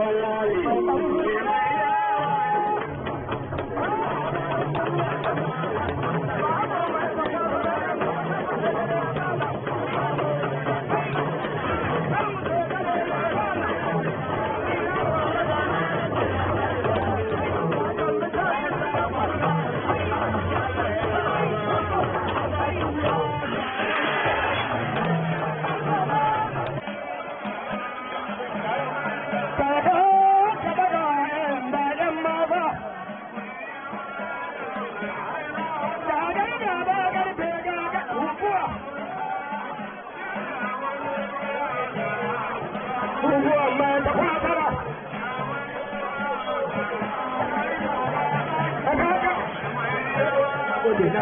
Malali.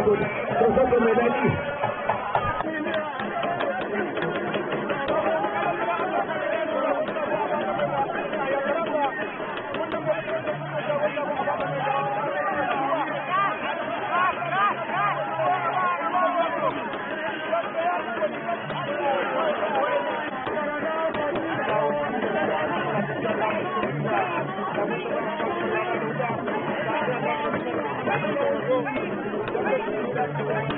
Granado, tocó con medalli Thank you.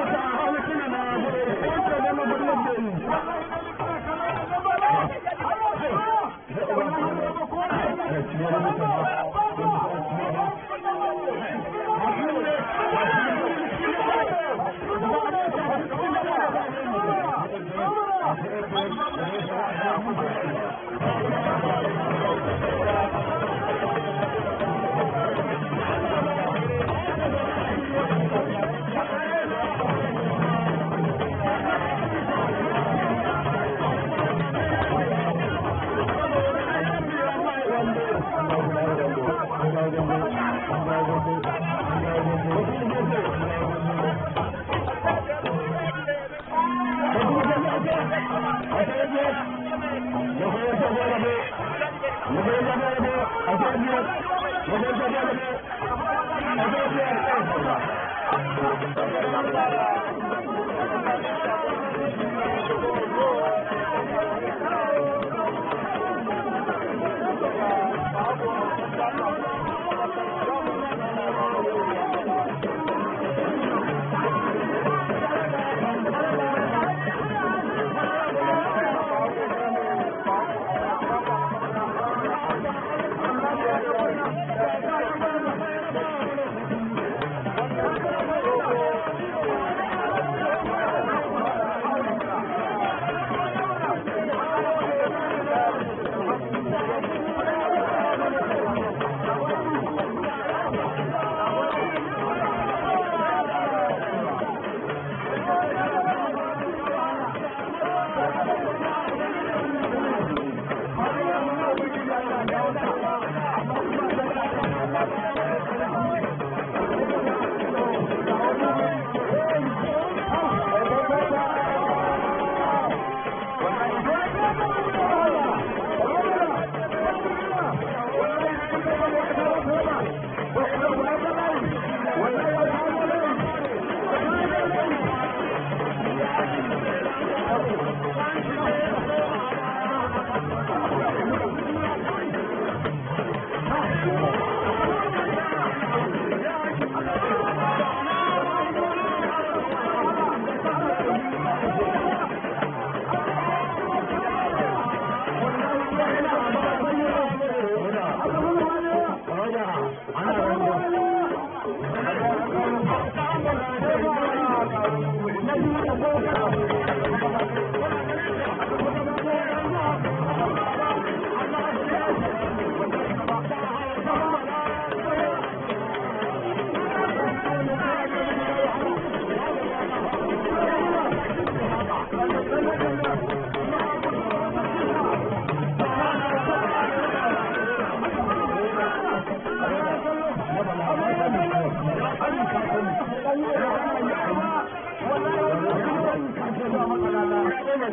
Thank you. Thank you.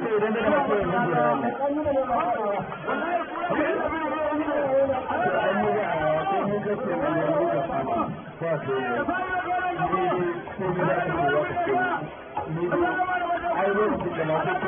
நிமிடத்திற்கு இரண்டு நிமிடத்தில் ஐரோப்பிய